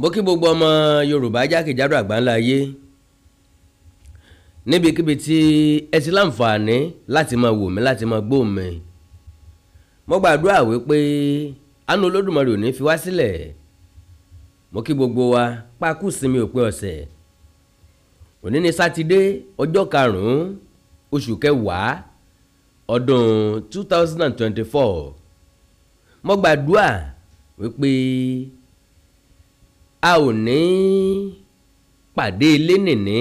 mo kí gbogbo ọmọ yorùbá jákèjádò àgbáńlá ayé níbikíbi tí ẹ ti láǹfààní láti máa wò mí láti máa gbọ́ mi mo gbàdúrà wípé àánú olódùmarè ò ní fi wá sílẹ̀ mo kí gbogbo wa pákú sinmi òpin ọ̀sẹ̀ òní ni sátidé ọjọ́ karùn-ún oṣù kẹwàá ọdún 2024 mo gbàdúrà wípé a ò ní pàdé ilé nìní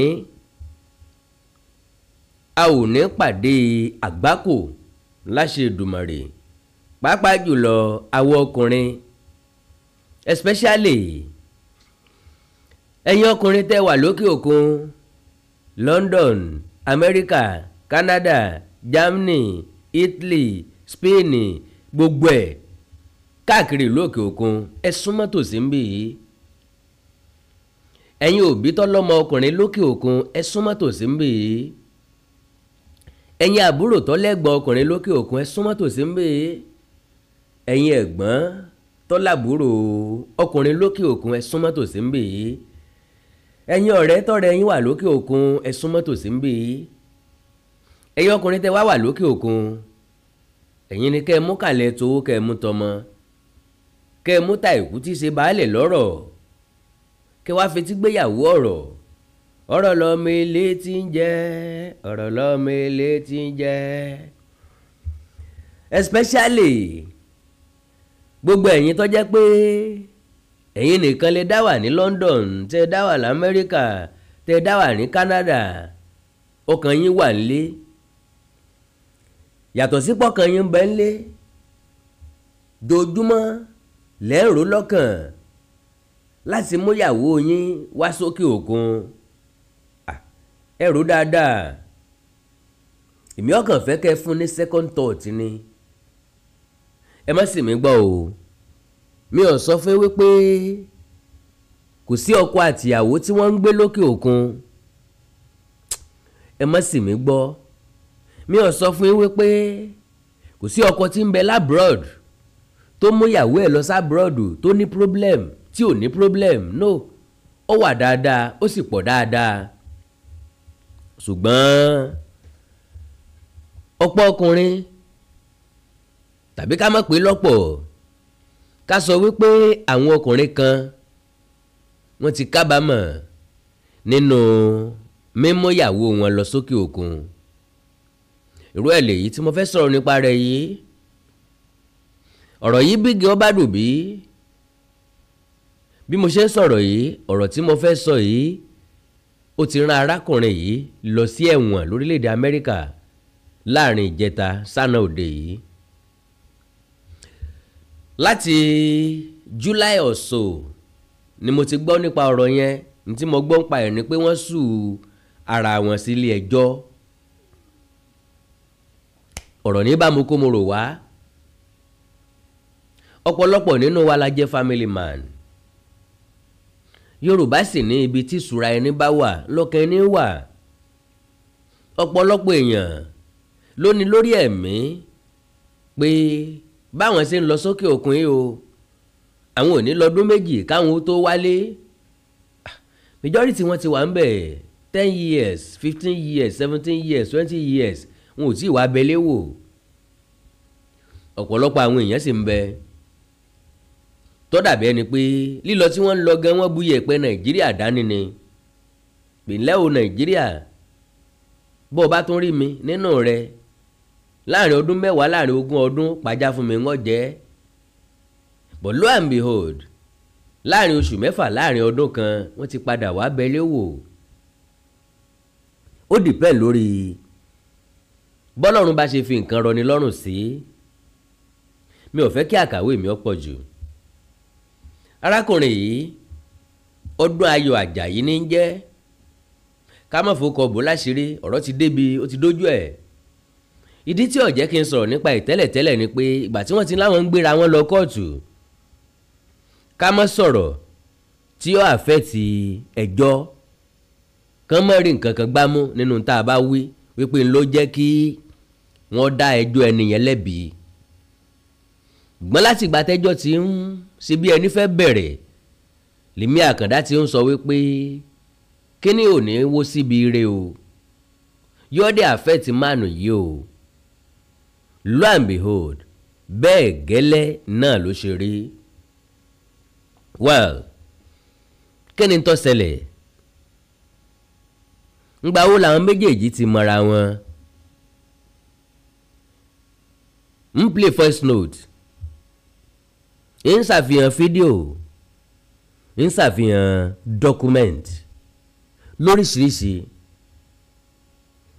a ò ní pàdé àgbákò láṣẹ Èdùmàrè pàápàá jùlọ àwọn ọkùnrin especially ẹ̀yin ọkùnrin tẹ́ wà lókè òkun London America Canada Germany Italy Spain gbogbo ẹ̀ káàkiri lókè òkun ẹ súnmọ́ tòsí ń bì yìí ẹ̀yin òbí tó lọ́mọ ọkùnrin lókè òkun ẹ súnmọ́ tòsí ń bè é ẹ̀yin àbúrò ọkùnrin lókè òkun ẹ súnmọ́ tòsí ń bè é ẹ̀yin ẹ̀gbọ́n tó ọkùnrin lókè òkun ẹ súnmọ́ tòsí ń bè é ẹ̀yin ọ̀rẹ́ wà lókè òkun ẹ súnmọ́ tòsí ń bè é ọkùnrin wá wà lókè òkun ẹ̀yin ni mú mú tọmọ mú ta ìkú kí wàá fetí gbéyàwó ọ̀rọ̀ ọ̀rọ̀ lọ́mọ ilé tí ń jẹ́ ọ̀rọ̀ lọ́mọ ilé tí ń jẹ́ especially gbogbo ẹ̀yin tó jẹ́ pé ẹ̀yin nìkan lè dá wà ní London tẹ́ dá wà lamẹ́ríkà tẹ́ dá wà ní Canada ọkàn yín wà nílé yàtọ̀ sí pọ́kàn yín bẹ́ńlé dojúmọ́ lẹ́rù lọ́kàn láti múyàwó yín wá sókè òkun ẹ rò dáadáa èmi ọkàn fẹ́ kẹ́ fún ní second thought ni ẹ má sì mí gbọ́ o mi ò sọ fún wípé kò sí ọkọ àtìyàwó tí wọ́n ń gbé lókè òkun ẹ má sì mí gbọ́ mi ò sọ fún wípé kò sí ọkọ tí ń bẹ labroad tó múyàwó ẹ̀ lọ sábroad tó ní problem tí ò ní problem no ó wà dáadáa ó sì pọ̀ dáadáa ṣùgbọ́n ọ̀pọ̀ ọkùnrin tàbí ká má pè lọ́pọ̀ ká sọ wípé àwọn ọkùnrin kan wọ́n ti kábàámọ̀ nínú mímúyàwó wọn lọ sókè òkun irú ẹ̀ lèyí tí mo fẹ́ sọ̀rọ̀ nípa rẹ̀ yìí ọ̀rọ̀ yìí bí gé ọ bá dùn bí bí mo ṣe ń sọ̀rọ̀ yìí ọ̀rọ̀ tí mo fẹ́ sọ yìí ó ti rán arákùnrin yìí lọ sí ẹ̀wọ̀n lórílẹ̀‐èdè Amẹ́ríkà láàrin ìjẹta sáná òde yìí láti July ọ̀sọ̀ ni mo ti gbọ́ nípa ọ̀rọ̀ yẹn ní tí mo gbọ́ ń pa ẹ̀ pé wọ́n sù ara wọn sí ilé ẹjọ́ ọ̀rọ̀ ní bá mo kó mo rò wá ọ̀pọ̀lọpọ̀ nínú wa la jẹ́ family man yorùbá sì ní ibi tí ìṣúra ẹni bá wà lọ́kàn ẹni wà ọ̀pọ̀lọpọ̀ èèyàn ló ní lórí ẹ̀mí pé báwọn ṣe ń lọ sókè òkun yìí o àwọn ò ní lọ́dún méjì káwọn ó tó wálé majority wọn ti wà ń bẹ̀ ten years fifteen years seventeen years twenty years wọn ò tí ì wá abẹ́lé wò ọ̀pọ̀lọpọ̀ àwọn èèyàn sì ń bẹ́ẹ̀ tó dàbí ẹni pé lílọ tí wọ́n ń lọ gan wọ́n bu yẹ̀pẹ̀ nàìjíríà dání ni pínlẹ̀ o nàìjíríà bó o bá tún rí mi nínú rẹ láàrin ọdún mẹ́wàá láàrin ogún ọdún pàjá fún mi ń jẹ́ but lo and behold láàrin oṣù mẹ́fà láàrin ọdún kan wọ́n ti padà wá bẹ́lẹ́ wò ó dìpẹ́ lórí bọ́lọ́run bá ṣe fi nǹkan rọni lọ́rùn sí mi ò fẹ́ kí àkàwé mi ó jù arákùnrin yìí ọdún ayọ̀ àjàyí ní í jẹ́ ká má fowó kọ bò láṣìírí ọ̀rọ̀ ti débi ó ti dójú ẹ̀ ìdí tí ó jẹ́ kí n sọ̀rọ̀ nípa ìtẹ́lẹ̀tẹ́lẹ̀ ni pé ìgbà tí wọ́n ti láwọn ń gbéra wọn lọ kóòtù ká má sọ̀rọ̀ tí ó àfẹ́ẹ̀tì ẹjọ́ kán má rí nǹkan kan gbámú nínú tá a bá wí wípé ń ló jẹ́ kí wọ́n dá ẹjọ́ ẹnìyẹn lẹ́bi gbọ́n láti ìgbà tẹ́jọ́ ti ń ṣe bí ẹni fẹ́ bẹ̀rẹ̀ lèmi àkàndá ti ń sọ wípé kíní ò ní wó síbi ire o yọ́dẹ̀ àfẹ́ mánu yìí o lo and behold bẹ́ẹ̀ gẹ́lẹ́ náà ló ṣe rí well kíni tó ṣẹlẹ̀ ngbà wo làwọn méjèèjì ti mọ̀ra wọn ń play first note ń ṣàfihàn fídíò ń ṣàfihàn document lóríṣiríṣi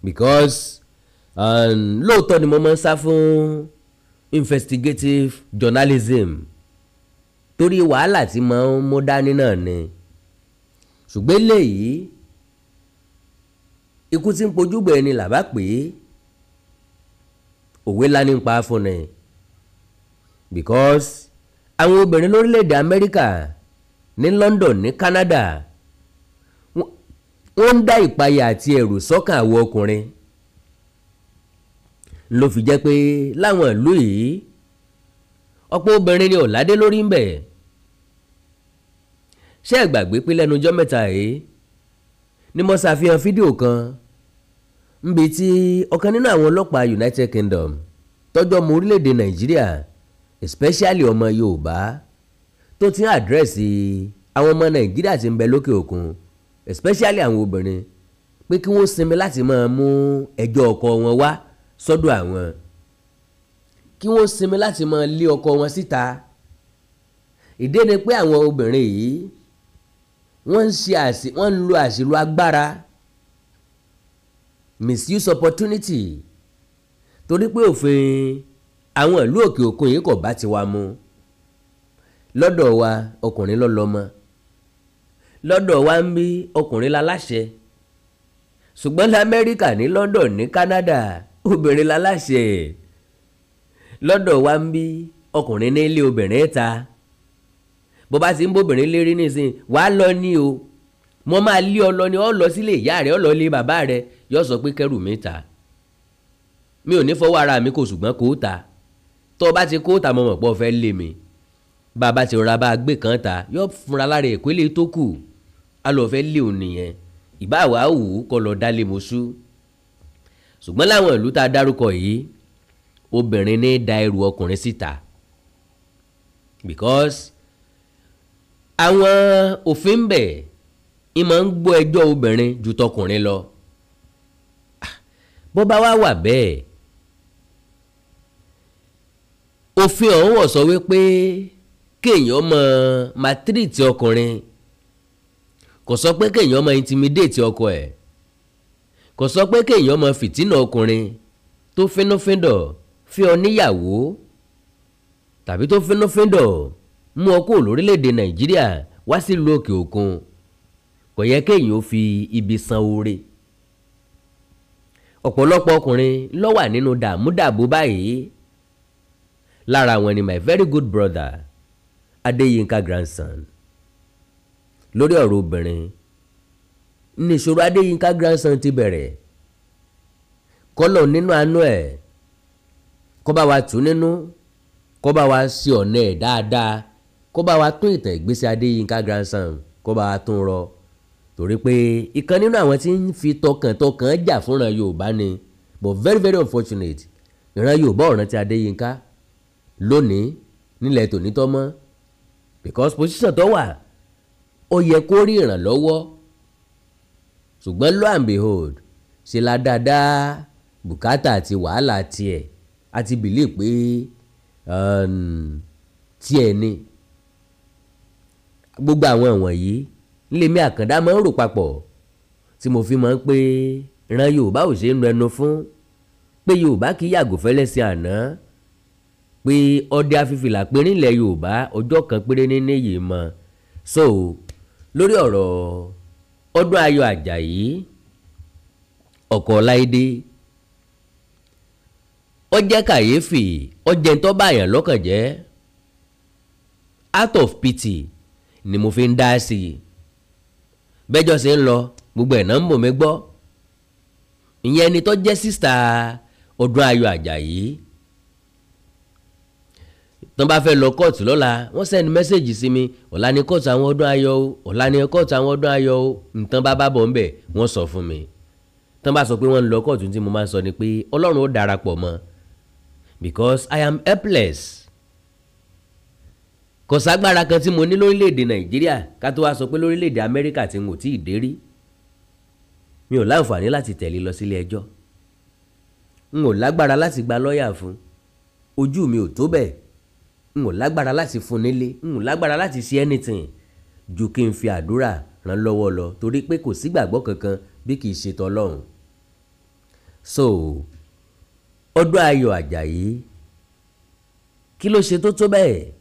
because um, lóòótọ́ ni mo máa ń sá fún investigative journalism torí wàhálà tí mo ń mú dání náà ni ṣùgbọ́n eléyìí ikú tí ń pojúbọ ẹni làbá pé òwe lá ní pa fún ni because àwọn obìnrin lórílẹ̀‐èdè amẹ́ríkà ní London ní Canada wọ́n ń dá ìpayà àti ẹ̀rù sọ́kàn àwọn ọkùnrin ló fi jẹ́ pé láwọn ìlú yìí ọ̀pọ̀ obìnrin ni ọ̀ládé lórí ń bẹ̀ ṣé ẹ gbàgbé pé lẹ́nujọ́ mẹ́ta yìí ni mo ṣàfihàn fídíò kan níbi tí ọ̀kan nínú àwọn ọlọ́pàá United Kingdom tọ́jọ́ ọmọ orílẹ̀-èdè Nàìjíríà especially ọmọ yorùbá tó ti ń àdírẹ́sì àwọn ọmọ nàìjíríà tí ń bẹ lókè òkun especially àwọn obìnrin pé kí wọ́n sinmi láti máa mú ẹjọ́ ọkọ wọn wá sọ́dọ̀ àwọn kí wọ́n sinmi láti máa lé ọkọ wọn síta ìdí ni pé àwọn obìnrin yìí wọ́n ń ṣe àṣì wọ́n ń lo àṣìlò agbára misuse opportunity torí pé òfin àwọn ìlú òkè òkun yìí kò bá ti wa mu lọ́dọ̀ wa ọkùnrin ló lọ́dọ̀ wa ń bí ọkùnrin láláṣẹ ṣùgbọ́n lamẹ́ríkà ní London ní Canada obìnrin láláṣẹ lọ́dọ̀ wa ń bí ọkùnrin ní ilé obìnrin ta bó bá ti ń bóbìnrin lérí nísìnyí á lọ ní o mo máa lé ọ lọ ni ọ lọ sílé ìyá rẹ ọ lọ lé bàbá rẹ yóò sọ pé kẹrù mi ta mi ò ní fọwọ́ ara mi kò ṣùgbọ́n kò ta tó o bá ti kó tà mọ̀mọ̀ pọ̀ fẹ́ lé mi bá a bá ti rọra bá a gbé kan ta yọ fúnra lára ìpele tó kù a lọ fẹ́ lé òun nìyẹn ìbá wa wù ú kọ́ lọ dá mo sú ṣùgbọ́n láwọn ìlú tá a dárúkọ yìí obìnrin ní da ẹrù ọkùnrin síta because àwọn òfin ń bẹ ń máa ń gbọ́ ẹjọ́ obìnrin ju tọkùnrin lọ ah, bó bá wà bẹ́ẹ̀ òfin ọ̀hún wọ̀ sọ wípé kéèyàn mọ matiriti ọkùnrin kò sọ pé kéèyàn mọ intimidate ọkọ ẹ̀ kò sọ pé kéèyàn mọ fìtínà ọkùnrin tó fínúfíndọ̀ fi ọ níyàwó tàbí tó fínúfíndọ̀ mú ọkọ lórílẹ̀‐èdè nàìjíríà wá sílùú òkè òkun kò yẹ kéèyàn ó fi ibi san oore ọ̀pọ̀lọpọ̀ ọkùnrin ló nínú dààmú dààbò báyìí lára àwọn ni my very good brother adeyinka grandson lórí ọ̀rọ̀ obìnrin ní ìṣòro grandson ti bẹ̀rẹ̀ kọ́lọ̀ nínú anú ẹ̀ kọ́ bá wa tù nínú kọ́ bá wa sí ọ̀nà ẹ̀ dáadáa kọ́ bá wa tún ìtàn ìgbésí adéyínká grandson kọ́ bá wa tún rọ torí pé ìkan nínú àwọn tí ń fi tọkàntọkàn jà fúnra yorùbá ni but very very unfortunate ìran yorùbá ọ̀ràn ti adéyínká lónìí nílẹ̀ tòní tọ́mọ́ because position tó wà ó yẹ kó rí ìrànlọ́wọ́ ṣùgbọ́n lo and behold ṣe la dáadáa bùkátà àti wàhálà tiẹ̀ àti bìlí pé um, tiẹ̀ ni gbogbo àwọn wọ̀nyí nílẹ̀mí àkàndá máa ń rò papọ̀ tí mo fi máa ń pé ran yorùbá ò ṣe ń rẹnu fún pé yorùbá kì í yàgò fẹ́lẹ́ sí àná pé ọdẹ afífìlà péré ilẹ̀ yorùbá ọjọ́ kan péré nínú yìí mọ so lórí ọrọ ọdún ayọ ajayi ọkọ̀ ọláìdé ó jẹ́ kàyéfì ó jẹ́ ń tó out of pity ni mo fi ń dá sí i ń lọ gbogbo ẹ̀ náà ń bò mí gbọ́ ìyẹn ẹni tó jẹ́ sísá ọdún ayọ̀ àjàyí tó bá fẹ́ lọ kóòtù lọ́la wọ́n sẹ́ni mẹ́sẹ̀gì sí mi ọ̀la ni kóòtù àwọn ọdún ayọ̀ o ọ̀la ni kóòtù àwọn ọdún ayọ̀ o nǹkan bá bá bọ̀ ń bẹ̀ wọ́n sọ fún mi tó bá sọ pé wọ́n ń lọ kóòtù tí mo máa ń sọ ni pé ọlọ́run ó darapọ̀ mọ́ because I am helpless kò ságbára kan tí mo ní lórílẹ̀‐èdè nàìjíríà ká tó wá sọ pé lórílẹ̀‐èdè amẹ́ríkà ti n ò tí ì dé rí mi ò láǹfààní láti tẹ̀lé lọ sílé ẹjọ́ n ò lágbára láti gba lọ́ọ̀yà fún ojú mi ò tó bẹ́ẹ̀ n ò lágbára láti fún nílé n ò lágbára láti ṣe anything ju kí n fi àdúrà ràn lọ́wọ́ lọ torí pé kò sígbàgbọ́ kankan bí kì í ṣe tọlọ́run. so ọdún ayọ̀ àjàyí kí ló ṣe tó tó bẹ́ẹ̀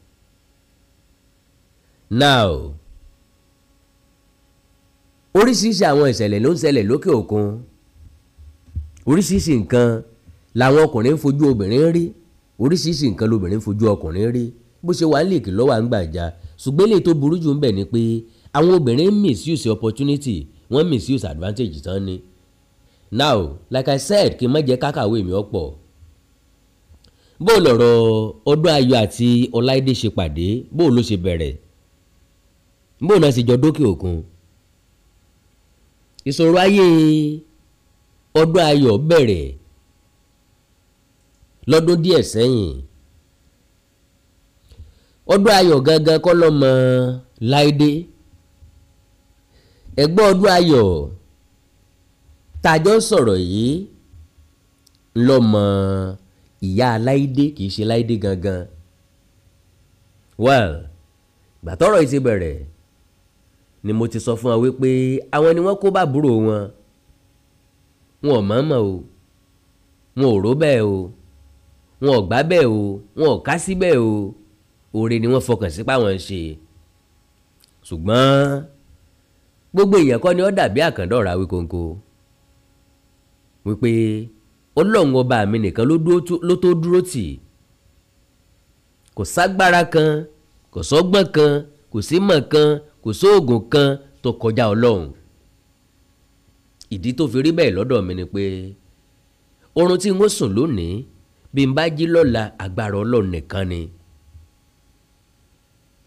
now oríṣiríṣi àwọn ìṣẹ̀lẹ̀ ló ń ṣẹlẹ̀ lókè òkun oríṣiríṣi nǹkan làwọn ọkùnrin ń fojú obìnrin rí oríṣiríṣi nǹkan lobìnrin fojú ọkùnrin rí bó ṣe wà lèkì lọ́wọ́ à ń gbàjà ṣùgbọ́n eléyìí tó burú jù ń bẹ̀ ni pé àwọn obìnrin misuse opportunity wọ́n misuse advantage tán ni. now like i said kí n má jẹ́ kákàwé mi ọ̀pọ̀ bó lọ̀rọ̀ ọdún ayọ̀ àti ọláìdé ṣe pàdé bó ló ṣe bẹ̀rẹ̀ bó náà sì jọ dókè òkun ìṣòro ayé ọdún ayọ̀ bẹ̀rẹ̀ lọ́dún díẹ̀ sẹ́yìn ọdún ayọ̀ gangan kọ́ lọ́mọ láìdé ẹ̀gbọ́n ọdún ayọ̀ tàjọ́ sọ̀rọ̀ yìí lọ́mọ ìyá láìdé kìí ṣe láìdé gangan well gbàtọ́rọ̀ yìí ti bẹ̀rẹ̀ ni mo ti sọ fún wa wípé àwọn ni wọ́n kó bàbúrò wọn wọn ò mọ̀ọ́mọ̀ o wọn ò rò bẹ́ẹ̀ o wọn ò gbá bẹ́ẹ̀ o wọn ò ká síbẹ̀ o oore ni wọ́n fọkàn sí páwọn ń ṣe ṣùgbọ́n gbogbo èèyàn kọ́ ni ó dàbí àkàndọ̀rà wíkóńkó wípé ọlọ́run ọba mi nìkan ló tó dúró tì kò ságbára kan kò sọ́gbọ́n kan kò símọ̀ kan kò sóògùn kan tó kọjá ọlọ́run ìdí tó fi rí bẹ́ẹ̀ lọ́dọ̀ mi ni pé oorun tí n ó sùn lónìí bí n bá jí lọ́la agbára ọlọ́run nìkan ni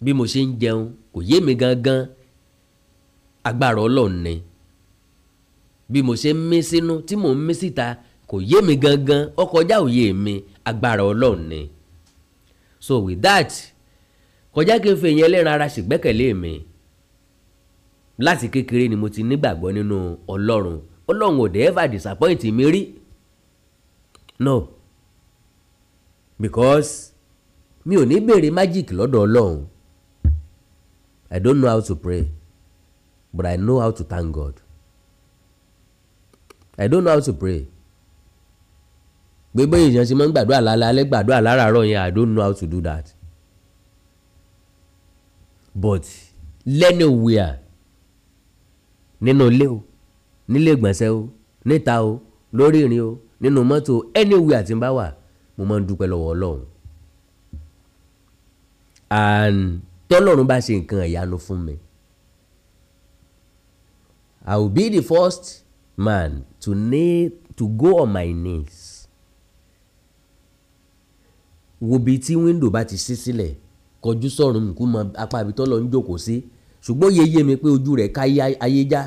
bí mo ṣe ń jẹun kò yé mi gangan agbára ọlọ́run ni bí mo ṣe ń mí sínú tí mò ń mí síta kò yé mi gangan ó òye mi agbára ọlọ́run ni so with that kọjá kí n fi ìyẹn lẹ́ran ara ṣègbẹ́kẹ̀lé mi láti kékeré ni mo ti nígbàgbọ́ nínú ọlọ́run ọlọ́run ò dé ever disappoint mi rí no because mi ò ní béèrè magic lọ́dọ̀ ọlọ́run I don't know how to pray but I know how to thank God I don't know how to pray gbogbo èèyàn ṣe máa ń gbàdúrà lálẹ́ gbàdúrà láràárọ̀ yẹn I don't know how to do that but anywhere nínú ilé o nílé ìgbọ̀nsẹ̀ o níta o lórí ìrìn o nínú mọ́tò anywhere tí bá wà mo máa ń dúpẹ́ lọ́wọ́ ọlọ́run and tọ́lọ́run bá ṣe nǹkan ìyanu fún mi I will be the first man to, kneel, to go on my knees wo bi tí windo bá ti ṣí sílẹ̀ kọjú sọ̀rùn kú mọ apá ibi tọ́lọ́ ń jókòó sí ṣùgbọ́n yẹ yé mi pé ojú rẹ̀ ká ayé já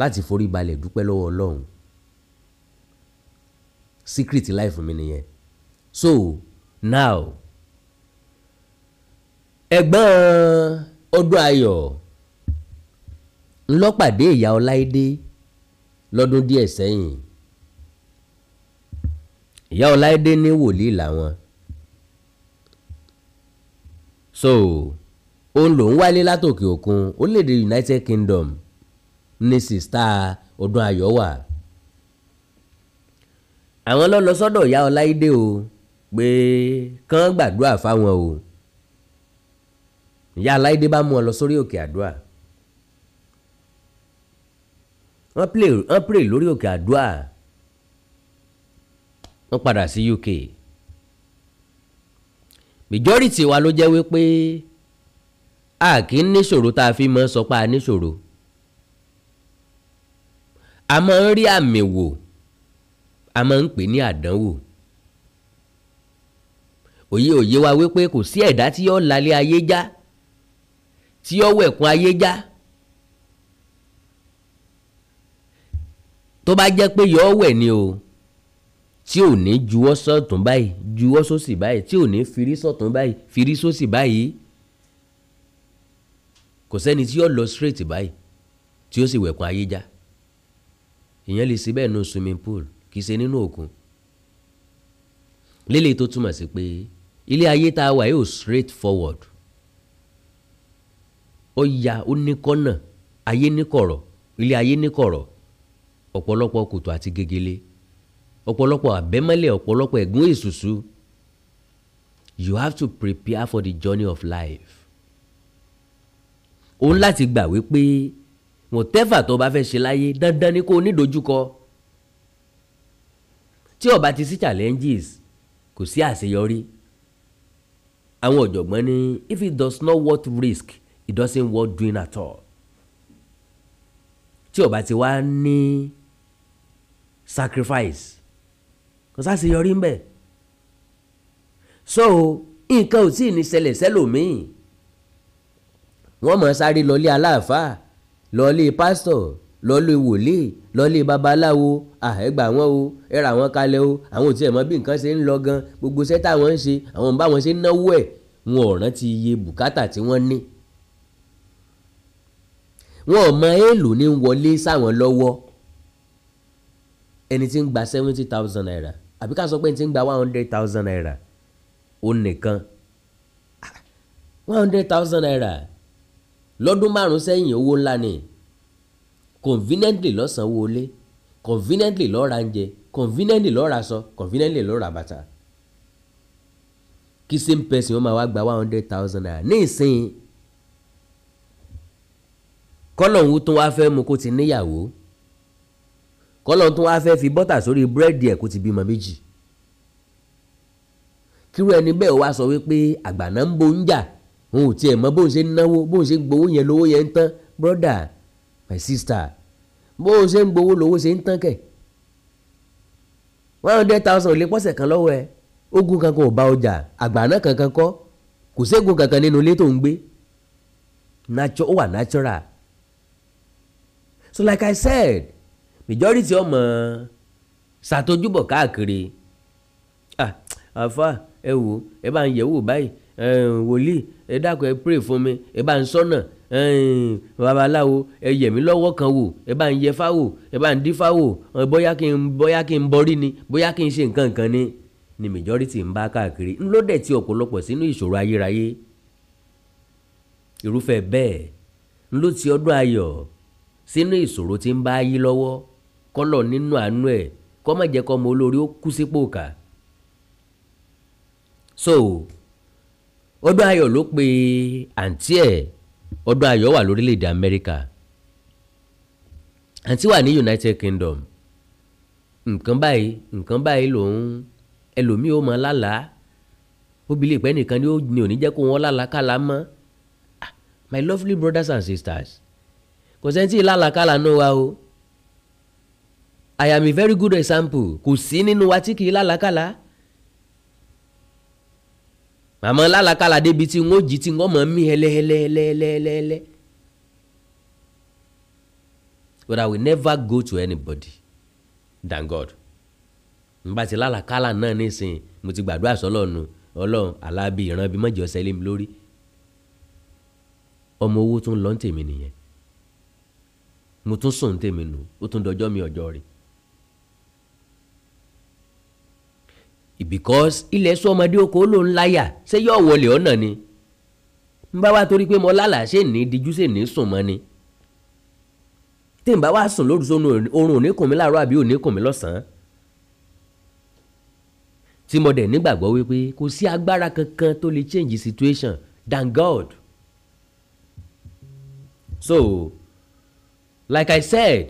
láti forí balẹ̀ dúpẹ́ lọ́wọ́ ọlọ́run secret life mi nìyẹn so now ẹ̀gbọ́n ọdún ayọ̀ ńlọ́pàdé ìyá ọláìdé lọ́dún díẹ̀ sẹ́yìn ìyá ọláìdé ní wòlíì làwọn so òun lòun wálé látòkè òkun orílẹ̀-èdè United Kingdom ní sista ọdún ayọ̀ wà àwọn lọ lọ sọ́dọ̀ ìyá ọláìdé o pé kán gbàdúrà fáwọn o ìyá ọláìdé bá mú ọ lọ sórí òkè àdúrà wọ́n pray wọ́n pray lórí òkè àdúrà wọ́n padà sí UK majority wa ló jẹ́ wípé a kì í níṣòro tá a fi mọ́ sọ pé a níṣòro a máa ń rí àmì wò a máa ń pè ní àdánwò òye òye wa wípé kò sí ẹ̀dá tí yó lálẹ́ ayé já tí yó wẹ̀kún ayé já tó bá jẹ́ pé yó wẹ̀ ni o tí ò ní juwọ́ sọ̀tún báyìí juwọ́ sósì báyìí tí ò ní firi sọ̀tún báyìí firi sósì báyìí kò sẹ́ni tí yó lọ straight báyìí tí ó sì wẹ̀kún ayé já ìyẹn lè ṣe bẹ́ẹ̀ nù swimming pool kì í ṣe nínú òkun lélẹ̀ tó túmọ̀ sí pé ilé ayé tá a wà yóò straight forward ó ya ó ní kọ́nà ayé ní kọ̀rọ̀ ilé ayé ní kọ̀rọ̀ ọ̀pọ̀lọpọ̀ kòtò àti gegele ọ̀pọ̀lọpọ̀ àbẹ́mọ́lẹ̀ ọ̀pọ̀lọpọ̀ ẹ̀gún èsùsù you have to prepare for the journey of life òun láti gbà wípé whatever tó bá fẹ́ ṣe láyé dandan ni kó ní dojúkọ tí ó bá ti sí challenges kò sí àṣeyọrí àwọn ọ̀jọ̀gbọ́n ní if it does not worth risk it doesn't worth doing at all tí ó bá ti wá ní sacrifice kò sáṣeyọrí ń bẹ̀ so nǹkan ò tí ì ní ṣẹlẹ̀ sẹ́lòmíì wọ́n mọ̀ sáré lọlé aláàfáà lọlé pásítọ̀ lọ́lé wòlíì lọ́lé babaláwo àhẹ́gbà ah, wọn o ẹ̀rà wọn kalẹ̀ o àwọn ò tiẹ̀ mọ bí nǹkan ṣe ń lọ gan gbogbo iṣẹ́ táwọn ń ṣe àwọn ń bá wọn ṣe ń náwó ẹ̀ wọn ò rántí iye bùkátà tí wọ́n ní. wọn ò mọ èèlò ní wọlé sáwọn lọ́wọ́ ẹni tí ń gba seventy thousand naira àbí ká sọ pé ẹni tí ń gba one hundred thousand naira ó nìkan ah, one hundred thousand naira lọ́dún márùn-ún sẹ́yìn owó ńlá ni conveniently ló sanwó ilé conveniently ló ra oúnjẹ conveniently ló ra aṣọ conveniently ló ra bàtà kí same person ó máa wá gba one hundred thousand naira ní ìsìn kọ́lọ̀hún tó wá fẹ́ mu kó ti níyàwó kọ́lọ̀hún tó wá fẹ́ fi bọ́tà sórí búrẹ́dì ẹ̀ kó ti bímọ méjì kírú ẹni bẹ́ẹ̀ wá sọ wípé àgbàná ń bo ń jà òun ò tiẹ̀ mọ bóun ṣe ń náwó bóun ṣe ń gbowó yẹn lówó yẹn ń tán brọ́dà my sister bó o ṣe ń gbowó lówó ṣe ń tán kẹ̀ one hundred thousand ò lè pọ́sẹ̀ kan lọ́wọ́ ẹ ogun kankan ò bá ọjà àgbàná kankan kọ́ kò ségun kankan nínú ilé tó ń gbé natural ó wà natural so like i said majority ọmọ ṣàtọjúbọ̀ káàkiri ah àfa ẹ wò ẹ bá ń yẹ̀wò báyìí wòlíì ẹ dákun ẹ pray fún mi ẹ bá ń sọ́nà babaláwo ẹ yẹ̀ mí lọ́wọ́ kan wò ẹ bá ń yẹ fáwò ẹ bá ń dí fáwò bóyá kí n bóyá kí n bọrí ni bóyá kí n ṣe nǹkan kan ni ni majority ń bá káàkiri ńlọ dẹ̀ ti ọ̀pọ̀lọpọ̀ sínú ìṣòro ayérayé irúfẹ́ bẹ́ẹ̀ ńlọ ti ọdún ayọ̀ sínú ìṣòro tí ń bá yí lọ́wọ́ kọ́lọ̀ nínú àánú ẹ̀ kọ́ má jẹ́ kọ́ ọmọ olórí ó kú sípò kà so ọdún ayọ̀ ló pe àǹtí ẹ̀ ọdún ayọ̀ wà lórílẹ̀‐èdè Amẹ́ríkà àǹtí wà ní United Kingdom nǹkan báyìí nǹkan báyìí lòun ẹlòmíì ó mọ lálàá obìnrin ìpẹ́ nìkan ni ó ní òní jẹ́ kó wọn lálàákàlà mọ́ ah, my lovely brothers and sisters kò sẹ́ńtì lálàákàlà náà wá o I am a very good example kò sí nínú wa tí kì í lálàákàlà. La màmá lálàkàlà débi tí wọ́n jí tí wọ́n mọ̀ mí hẹ́lẹ́hẹ́lẹ́hẹ́lẹ́hẹ́lẹ́ but I will never go to anybody than God nígbà tí lálàkàlà náà nísìnyí mo ti gbàdúrà sọlọ́ọ̀nù ọlọ́run alábì ìran bí mọ́jọ sẹ́lẹ̀ mi lórí ọmọ owó tún lọ ń tèmi nìyẹn mo tún sùn ń tèmi nù ó tún dọjọ́ mi ọjọ́ rẹ̀ because ilẹ̀ sọ ọmọdé oko ló ń láyà ṣé yóò wọlé ọ̀nà ni n bá wa torí pé mo lálà ṣe ní díjú ṣe ní sùn mọ́ ni tí n bá wa sùn lóru sónú oorun oníkùn mi láàárọ̀ àbí oníkùn mi lọ́sàn-án tí mo dẹ̀ nígbàgbọ́ wípé kò sí agbára kankan tó lè change situation than God so like I said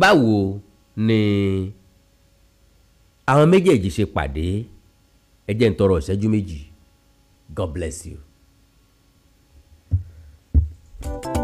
báwo ni. Nee àwọn méjèèjì ṣe pàdé ẹ jẹ́ n tọrọ ìṣẹ́jú méjì God bless you. thank you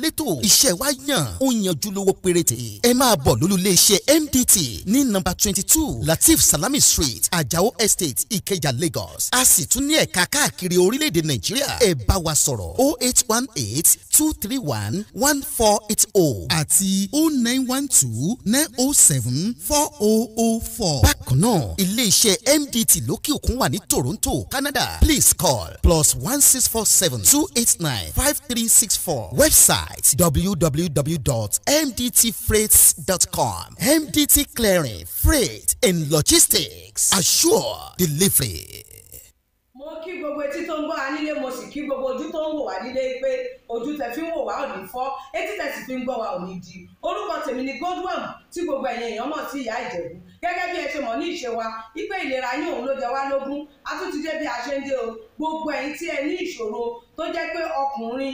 létò iṣẹ́ wa yàn ó yanjú lówó péréte ẹ máa bọ̀ lólulẹ̀ iṣẹ́ MDT ní nọ́mbà twenty two Latif Salami Street Ajao Estate Ìkẹjà Lagos a sì tún ní ẹ̀ka káàkiri orílẹ̀-èdè Nàìjíríà ẹ bá wa sọ̀rọ̀ o oh eight one eight two three one one four eight o oh àti o oh nine one two nine o seven four o o four. bákan náà ilé-iṣẹ́ MDT lókè òkun wà ní Toronto Canada please call plus one six four seven two eight nine five three six four website website www.mdtfreights.com. MDT Clearing, Freight and Logistics. Assure delivery. mo kí gbogbo etí tó ń gbọ́ anílé mo sì kí gbogbo ojú tó ń wò wá nílé pé ojú tẹ fi ń wò wá ò ní fọ́ etí tẹ sì fi ń gbọ́ wá ò ní di orúkọ tèmi ni Godwin tí gbogbo ẹ̀yin èèyàn mọ̀ sí ìyá Ìjẹ̀bú gẹ́gẹ́ bí ẹ ṣe mọ̀ ní ìṣe ipe ìlera yín òun ló jẹ wá lógún a tún ti dé bí a ṣe ń dé o gbogbo ẹ̀yin tí ẹ ní ìṣòro tó jẹ́ pé ọkùnrin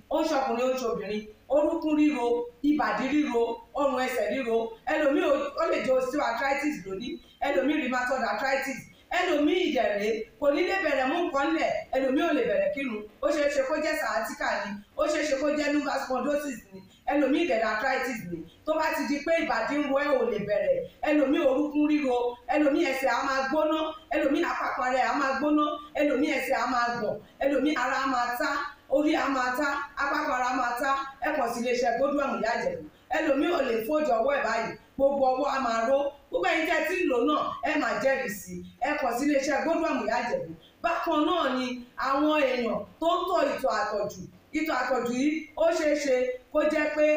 ó ń ṣọkùnrin ó ń ṣobìnrin orúnkún ríro ìbàdí ríro ọrùn ẹsẹ̀ ríro ẹlòmíì ó lè jẹ́ osteoarthritis lónìí ẹlòmíì rheumatoid arthritis ẹlòmíì ìjẹ̀rẹ̀ kò ní lè bẹ̀rẹ̀ mú nǹkan lẹ̀ ẹlòmíì ò lè bẹ̀rẹ̀ kírun ó ṣeé ṣe kó jẹ́ sciatica ni ó ṣeé ṣe kó jẹ́ lumbar spondosis ni ẹlòmíì ìdẹ̀rẹ̀ arthritis ni tó bá ti di pé ìbàdí ń ro ẹ̀ ò lè bẹ̀rẹ̀ ẹlòmíì orúkún ríro ẹlòmíì ẹsẹ̀ á máa gbóná ẹlòmíì àpapọ̀ rẹ̀ á máa gbóná ẹlòmíì ẹsẹ̀ á máa gbọ̀n ẹlòmíì ara á máa tá orí a máa ta apákọ̀ọ́ra a máa ta ẹ̀pọ̀ sí iléeṣẹ́ Godwin Ìyájẹ̀bú ẹlòmíì ò lè fojú ọwọ́ ẹ̀ báyìí gbogbo ọwọ́ a máa ró gbogbo ẹ̀yin tẹ́ ti ń lò náà ẹ máa jẹ́rìí sí ẹ̀pọ̀ sí iléeṣẹ́ Godwin Ìyájẹ̀bú bákan náà ni àwọn èèyàn tó ń tọ̀ ìtọ̀ àtọ̀jù ìtọ̀ àtọ̀jù yìí ó ṣeé ṣe kó jẹ́ pé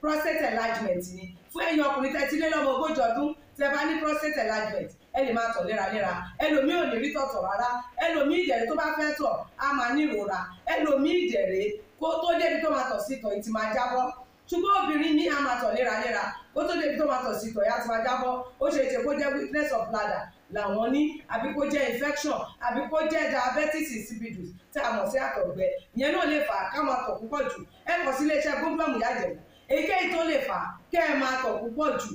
prostate enlargement ni fún ẹ̀yin ọkùnrin tẹ́ ti lé lọ́mọ ogójì ọdún tẹ́ bá ní prostate enlargement ẹ lè máa tọ̀ léraléra ẹlòmíì ò ní rí tọ̀tọ̀ rárá ẹlòmíì ìdẹ̀rẹ̀ tó bá fẹ́ tọ̀ á máa ní ìrora ẹlòmíì ìdẹ̀rẹ̀ kó tó débi tó máa tọ̀ sí tọ̀ ìtì máa jábọ́ ṣùgbọ́n obìnrin ní a máa tọ̀ léraléra kó tó débi tó máa tọ̀ sí tọ̀ ìyá ti máa jábọ́ ó ṣe ṣe kó jẹ́ weakness of bladder làwọn ní àbí kó jẹ́ infection àbí kó jẹ́ diabetes insipidus tí a mọ̀ sí àtọ̀gbẹ ìyẹn náà lè fà ká máa tọ̀ púpọ̀ jù ẹ kàn sí iléeṣẹ́ gómìnà ìyá jẹ̀mú èyíkéyìí tó lè fà kẹ́ ẹ máa tọ̀ púpọ̀ jù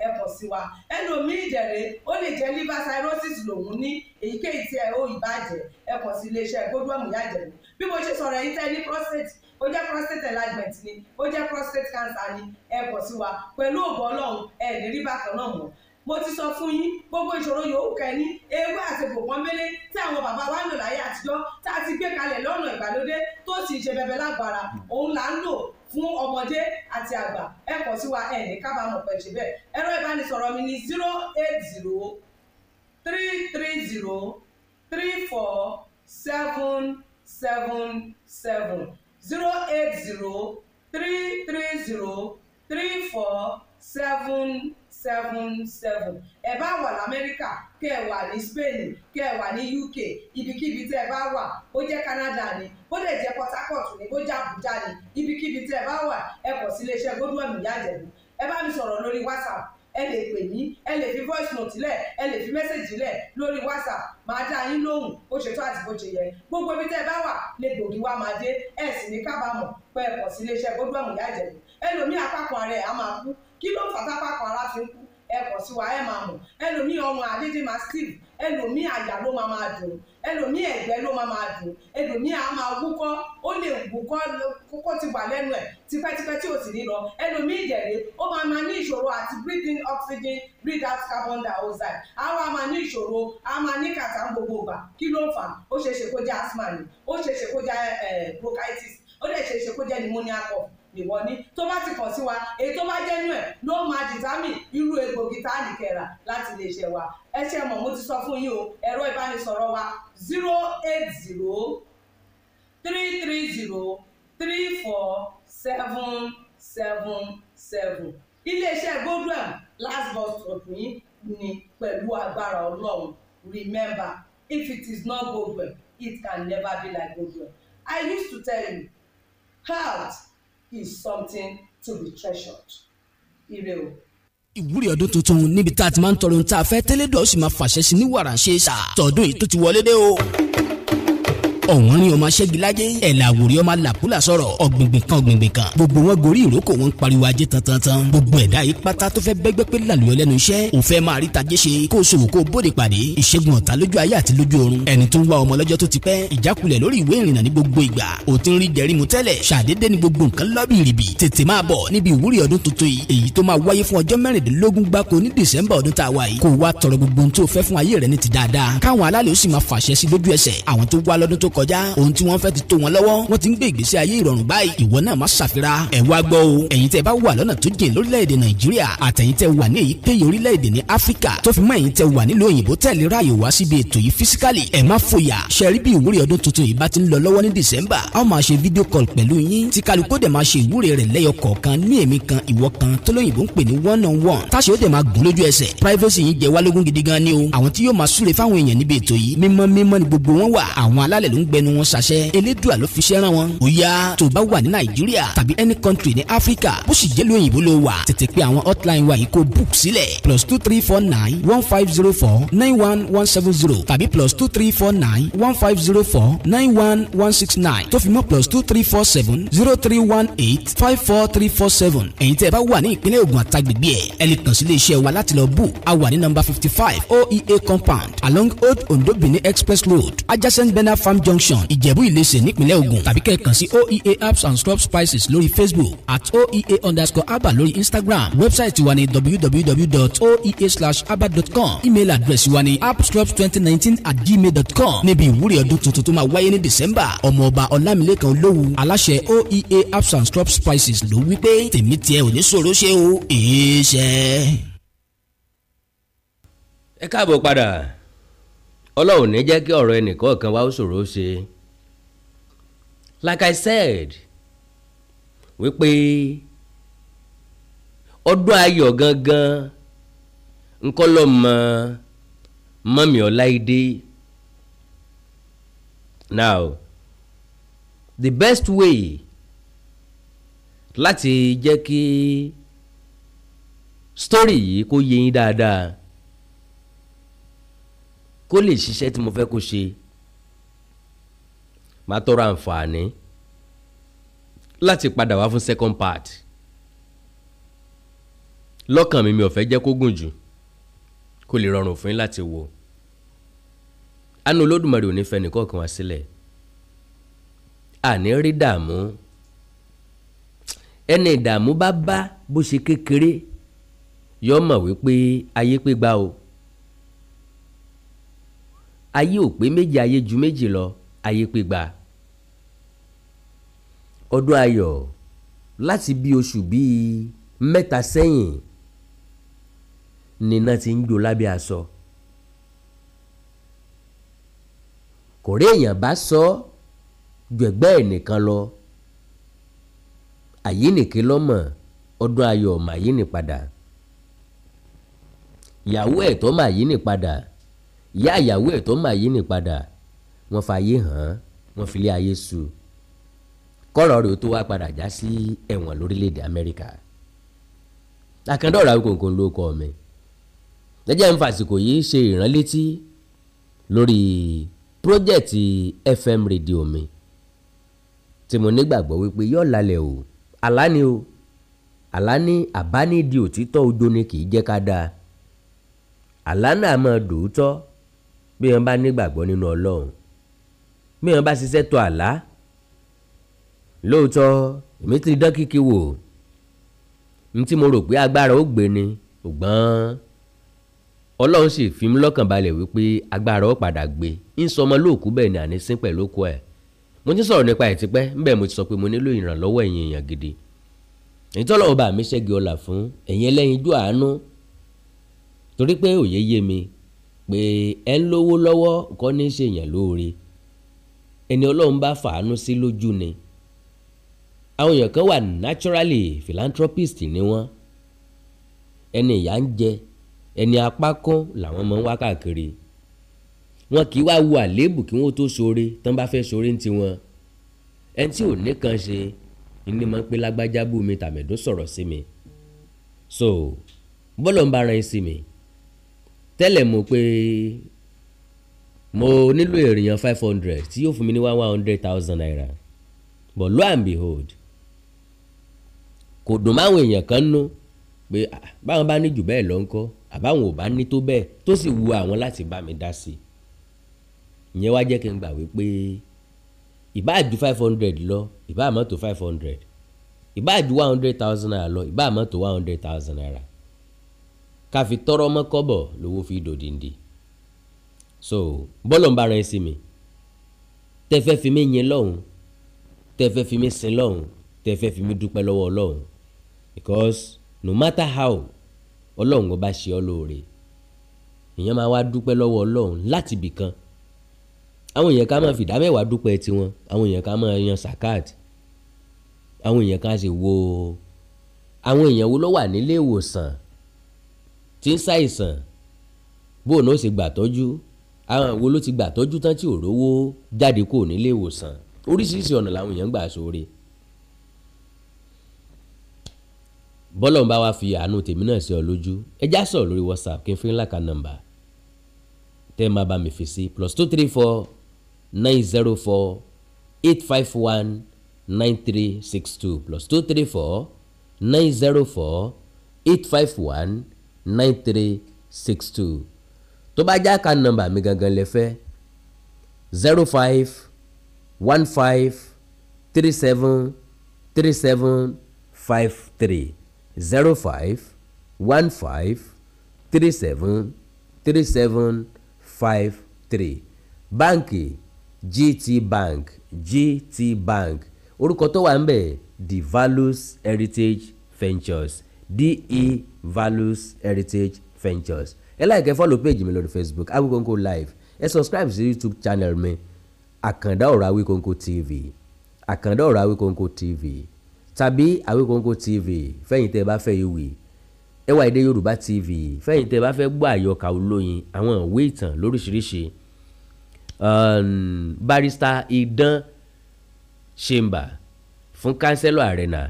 ẹ kàn sí wa ẹlòmíì ìjẹ̀rẹ̀ ó lè jẹ́ liver cirrhosis lòun ní èyíkéyìí tí ẹ ó ìbàjẹ́ ẹ kàn sí iléeṣẹ́ gbódúọ̀mù yájẹ̀rẹ̀ bí mo ṣe sọ̀rọ̀ yìí tẹ́ prostate ó jẹ́ prostate enlargement ni ó jẹ́ prostate cancer ni ẹ kàn sí wa pẹ̀lú ògbọ́ ọlọ́run ẹ ní rí bákan náà mọ́ mo ti sọ fún yín gbogbo ìṣòro yòówù kẹni ewé àti gbòǹkan mélé tí àwọn bàbá wa ń lò láyé àtijọ́ tá a ti gbé kalẹ̀ lọ́nà ìgbàlódé tó sì ṣe bẹbẹ lágbára òun là ń lò fún ọmọdé àti àgbà ẹ sí wa ẹ ní kábàámọ̀ pẹ̀lú bẹ́ẹ̀ ẹ̀rọ ìbánisọ̀rọ̀ mi ni zero eight zero three three zero three four seven seven seven zero eight zero three three zero three four seven seven seven ẹ bá wà lamẹ́ríkà kẹ́ ẹ wà ní spain kẹ́ ẹ wà ní uk ibikíbi tẹ́ ẹ bá wà ó jẹ́ canada ni ó lè jẹ́ port harcourt ni ó jẹ́ abuja ni ibikíbi tẹ́ ẹ bá wà ẹ kọ̀ sí iléeṣẹ́ gbódúọ̀mù ìyá ẹ bá mi sọ̀rọ̀ lórí whatsapp ẹ lè pè mí ẹ lè fi voice note lẹ̀ ẹ lè fi message lẹ̀ lórí whatsapp màá dá yín lóhùn bó ṣe tó àti bó ṣe yẹ gbogbo ibi tẹ́ ẹ bá wà lè gbòógì wá máa dé ẹ sì ní kábàámọ̀ pé ẹ pọ̀ sí iléeṣẹ́ gbogbo àmúyá ìjẹ̀bù ẹlòmíì apákan ara ẹ̀ á máa kú kí ló fà tápákan ara fi ń kú ẹ pọ̀ sí wa ẹ máa mọ̀ ẹlòmíì ọmọ àdédé steve ẹlòmíì àyà ló máa máa dùn ẹlòmíì ẹ̀gbẹ́ ló máa máa dùn ẹlòmíì á máa wúkọ́ ó lè wúkọ́ kókó ti wà lẹ́nu ẹ̀ tipẹ́tipẹ́ tí ò sì ní lọ ẹlòmíì ìjẹ̀rẹ̀ ó máa máa ní ìṣòro àti breathe in oxygen breathe out carbon dioxide á wá máa ní ìṣòro á máa ní kàtà gbogbo ìgbà kí ló fà ó ṣeéṣe kó jẹ́ asthma ni ó ṣeéṣe kó jẹ́ bronchitis ó lè ṣeéṣe kó jẹ́ pneumonia cough ìwọ ní tó bá ti kọ̀ sí wa èyí tó bá jẹ́ nú ẹ̀ ló máa determine irú egbògi tá a nìkẹ́ra láti lè ṣẹ̀ wá ẹ ṣe mọ̀ mo ti sọ fún yín o ẹ̀rọ ìbánisọ̀rọ̀ wa zero eight zero three three zero three four seven seven seven iléeṣẹ́ goldwell last but not least ni pẹ̀lú agbára ọlọ́run remember if it is not goldwell it can never be like goldwell i used to tell you health is something to be treasured. Ire o ìwúrí ọdún tuntun níbi tá a ti máa ń tọrọ ohun tá a fẹ́ tẹ́lẹ̀ dọ̀ọ́ sì máa fàṣẹ sí ní wàrà ṣe é sà tọdún yìí tó ti wọlé dé o ọ̀wọ́n rin ọmọ aṣẹ́gilájẹ́ ẹ̀là àwòrí ọmọ làkúlà sọ̀rọ̀ ọ̀gbìngbìn kan ọ̀gbìngbìn kan gbogbo wọn gorí ìrókò wọn ń pariwo ajé tantan gbogbo ẹ̀dá yìí pátá tó fẹ́ bẹ́gbẹ́ pé làlùyọ lẹ́nu iṣẹ́ ò fẹ́ máa rí tajé ṣe kó o ṣòwò kó o bóde pàdé ìṣègùn ọ̀tá lójú ayé àti lójú ọ̀run ẹni tó ń wá ọmọ lọ́jọ́ tó ti pẹ́ ìjákulẹ̀ lórí ìwé ìrìnnà ní gbogbo ni gbogbo nǹkan lọ́bì rìbì tètè máa bọ̀ níbi kọjá ohun tí wọ́n fẹ́ ti tó wọn lọ́wọ́ wọ́n ti ń gbé ìgbésí ayé ìrọ̀rùn báyìí ìwọ náà má ṣàfira ẹ̀ wá gbọ́ o ẹ̀yin tẹ́ bá wà lọ́nà tó jìn lórílẹ̀ nàìjíríà àtẹ̀yin tẹ́ wà ní èyíkéyìí orílẹ̀ ní áfíríkà tó fi mọ́ ẹ̀yin tẹ́ wà nílùú òyìnbó tẹ̀lé ráàyè wá síbi ètò yìí físíkàlì ẹ̀ má fòyà ṣẹ́rí bí ìwúrí ọdún tuntun yìí bá ti ń lọ lọ́wọ́ ní dìsẹ́mbà a ó máa ṣe fídíò ń gbẹnu wọn ṣaṣẹ elédùà ló fi ṣẹ́ràn wọn. ó yá tó bá wà ní nàìjíríà tàbí any country ní áfíríkà bó sì jẹ́ lóyìnbó ló wà tètè pé àwọn hotline wa yìí kó book sílẹ̀ plus two three four nine one five zero four nine one one seven zero tàbí plus two three four nine one five zero four nine one one six nine tó fi mọ́ plus two three four seven zero three one eight five four three four seven ẹ̀yin tẹ́ ẹ bá wà ní ìpínlẹ̀ Ògùn àtàgbègbè ẹ̀ ẹ lè kàn sí iléeṣẹ́ wa láti lọ book a wà ní nọ́mbà fifty five oea compound along old ondo benin express road adjacent bena farm junction junction ìjẹ̀bú ìlẹsẹ̀ nípínlẹ̀ Ògùn tàbí kẹ́ẹ̀kan sí oea Apps and scrub spices lórí facebook at oea underscore herbal lórí instagram wẹ́bsáìtì wa ni www.oea/herbal.com email address wa ni appscrubs2019 at gmail.com níbi ìwúrí ọdún tuntun tó máa wáyé ní december ọmọọba ọlámilẹ́kan olówu aláṣẹ oea herbs and scrub spices ló wí pé tèmi tiẹ̀ ò ní sọ̀rọ̀ ṣe o èé ṣe. ẹ káàbọ̀ padà ọlọ́run ní jẹ́ kí ọ̀rọ̀ ẹnìkọ̀ọ̀kan wa ó ṣòro ṣe like I said wípé ọdún ayọ̀ gangan ńkọ́lọ́mọ mọ́mí ọláìdé now the best way láti jẹ́ kí story yìí kó yé yín dáadáa kó lè ṣiṣẹ́ tí mo fẹ́ kó ṣe máa tọrọ àǹfààní láti padà wá fún second part lọ́kàn mi mi ò fẹ́ jẹ́ kó gùn jù kó lè rọrùn fún yín láti wò àánú olódùmarè ò ní fẹ́ nìkọ̀ọ̀kan wá sílẹ̀ àní rí dààmú ẹni ìdààmú bá bá bó ṣe kékeré yọ mọ̀ wípé ayé pé gbá o ayé ò pé méjì ayé ju méjì lọ ayé pé gbà. ọdún ayọ̀ láti bí oṣù bíi mẹ́ta sẹ́yìn nínà ti ń jó lábẹ́ aṣọ. kò rí èèyàn bá sọ jẹ̀gbẹ́ ẹ̀ nìkan lọ àyínìkè lọ́mọ ọdún ayọ̀ màyínì padà ìyàwó ẹ̀ tó màyínì padà ìyá ìyàwó ẹ̀ tó máa yí ni padà wọ́n fààyè hàn án wọ́n fi lé ayé su kọ́rọ̀ rẹ̀ tó wá padà já sí ẹ̀wọ̀n lórílẹ̀‐èdè amẹ́ríkà akandọ́ra kòkó ló kọ́ mi lẹ́jẹ̀ ń fàsìkò yìí ṣe ìránlétí lórí pírójẹ́ẹ̀tì FM rédíò mi tí mo nígbàgbọ́ wípé yóò lálẹ́ o àlá ni o àlá ní àbá ní òtítọ́ ọjọ́ ni kì í jẹ́ ká dáa àlá náà máa dòótọ́ bí èèyàn bá nígbàgbọ́ nínú ọlọ́run bí èèyàn bá ṣiṣẹ́ tó àlá lóòótọ́ èmi ti dán kíkí wò ní tí mo rò pé agbára ó gbé ni ṣùgbọ́n ọlọ́run sì fi mí lọ́kàn balẹ̀ wípé agbára ó padà gbé ń sọ ọmọ lóòkú bẹ́ẹ̀ ni àní sín pẹ̀lú okó ẹ̀ mo ti sọ̀rọ̀ nípa ẹ̀ tipẹ́ ńbẹ̀ mo ti sọ pé mo nílò ìrànlọ́wọ́ ẹ̀yin èèyàn gidi èyí tọ́lọ́ ọba mi ṣẹ́gi ọlà fún ẹ̀yin ẹlẹ́yinjú àánú torí pé òye yé mi pé ẹ ń lówó lọ́wọ́ kọ́ ní í ṣèyàn lóore ẹni ọlọ́run bá fàánú sí lójú ni àwọn èèyàn kan wà naturally philanthropist ni wọ́n ẹni ìyà ń jẹ ẹni apá kan làwọn máa ń wá káàkiri wọn kì í wá wo àléébù kí wọn tó ṣoore tán bá fẹ́ ṣoore ń tiwọn ẹni tí ò ní kan ṣe ni máa ń pe lágbájá bú mi tàmẹ̀dún sọ̀rọ̀ sí mi so bọ́lọ̀ ń bá ara ẹ sí mi tẹ́lẹ̀ mo pé mo nílò èèyàn five hundred tí yóò fún mi ní one hundred thousand naira but lo and behold kò dùn máwọn èèyàn kan nú pé báwọn bá ní jù bẹ́ẹ̀ lọ ńkọ́ àbáwọn ò bá ní tó bẹ́ẹ̀ tó sì wu àwọn láti bá mi dá sí i ìyẹn wá jẹ́ kí n gbà wípé ìbá ju five hundred lọ ìbá àmọ́ tó five hundred ìbá ju one hundred thousand naira lọ ìbá àmọ́ tó one hundred thousand naira káfi tọrọ mọ́ kọ́bọ̀ lówó fi dòdìndì so bọ́lọ̀ ń bára ẹ sí mi tẹ́fẹ́ fi mi yin lọ́hùn tẹ́fẹ́ fi mí sin lọ́hùn tẹ́fẹ́ fi mí dúpẹ́ lọ́wọ́ ọlọ́hùn because no matter how ọlọ́hùn ọba ṣe ọ lóore èèyàn máa wá dúpẹ́ lọ́wọ́ ọlọ́hùn láti ibì kan àwọn èèyàn ká máa fìdá mẹ́wàá dúpẹ́ tiwọn àwọn èèyàn ká máa yan sakat àwọn èèyàn ká sì wo àwọn èèyàn wo ló wà nílé ìwòsàn tí ń ṣàìsàn bóun ó sì gbà tọ́jú àwọn wo ló ti gbà tọ́jú tán tí ò rówó jáde kó nílé ìwòsàn oríṣiríṣi ọ̀nà làwọn èèyàn gbà sóore bọ́lọ̀ ń bá wa fi àánú tèmi náà sí ọ lójú ẹ já sọ̀rọ̀ lórí whatsapp kí n fi ńlá ka nọ́mbà tẹ́ ẹ máa bá mi fi sí plus two three four nine zero four eight five one nine three six two plus two three four nine zero four eight five one nine three six two tó bá já ka nọ́mbà mi gangan lè zero five one five three seven three seven five three zero five one five three seven three seven five three Banki gt bank gt bank orúkọ tó wà ń bẹ̀ the values heritage ventures DE Values Heritage Ventures ẹ like ẹ follow page mi lórí Facebook Awikonko live ẹ subscribe sí YouTube channel mi Àkàndá Ọ̀rọ̀ Awikonko TV Àkàndá Ọ̀rọ̀ Awikonko TV tàbí Awikonko TV fẹ́yìn tẹ́ ẹ bá fẹ́ ìwé ẹwà èdè Yorùbá TV fẹ́yìn tẹ́ ẹ bá fẹ́ gbọ́ àyọkà olóyin àwọn ìwé ìtàn lóríṣiríṣi um, barrister Idan Shemba fún kánsẹ́lọ̀ Arena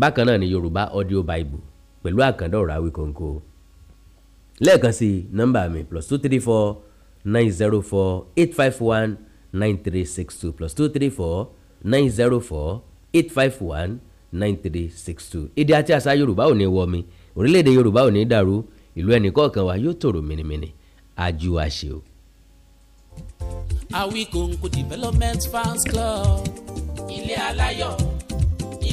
bákan náà ni yorùbá audio bible pẹ̀lú àkàndá ọ̀rọ̀ Awíkonko lẹ́ẹ̀kan sí nọ́mbà mi plus two three four nine zero four eight five one nine three six two plus two three four nine zero four eight five one nine three six two èdè àti àṣà yorùbá ò ní wọ mi orílẹ̀-èdè yorùbá ò ní dàrú ìlú ẹnìkọ̀ọ̀kan wa yóò tòrò mìnìmìnì ajú wa ṣe o. Awíkonko Development Fans Club ilé aláyọ̀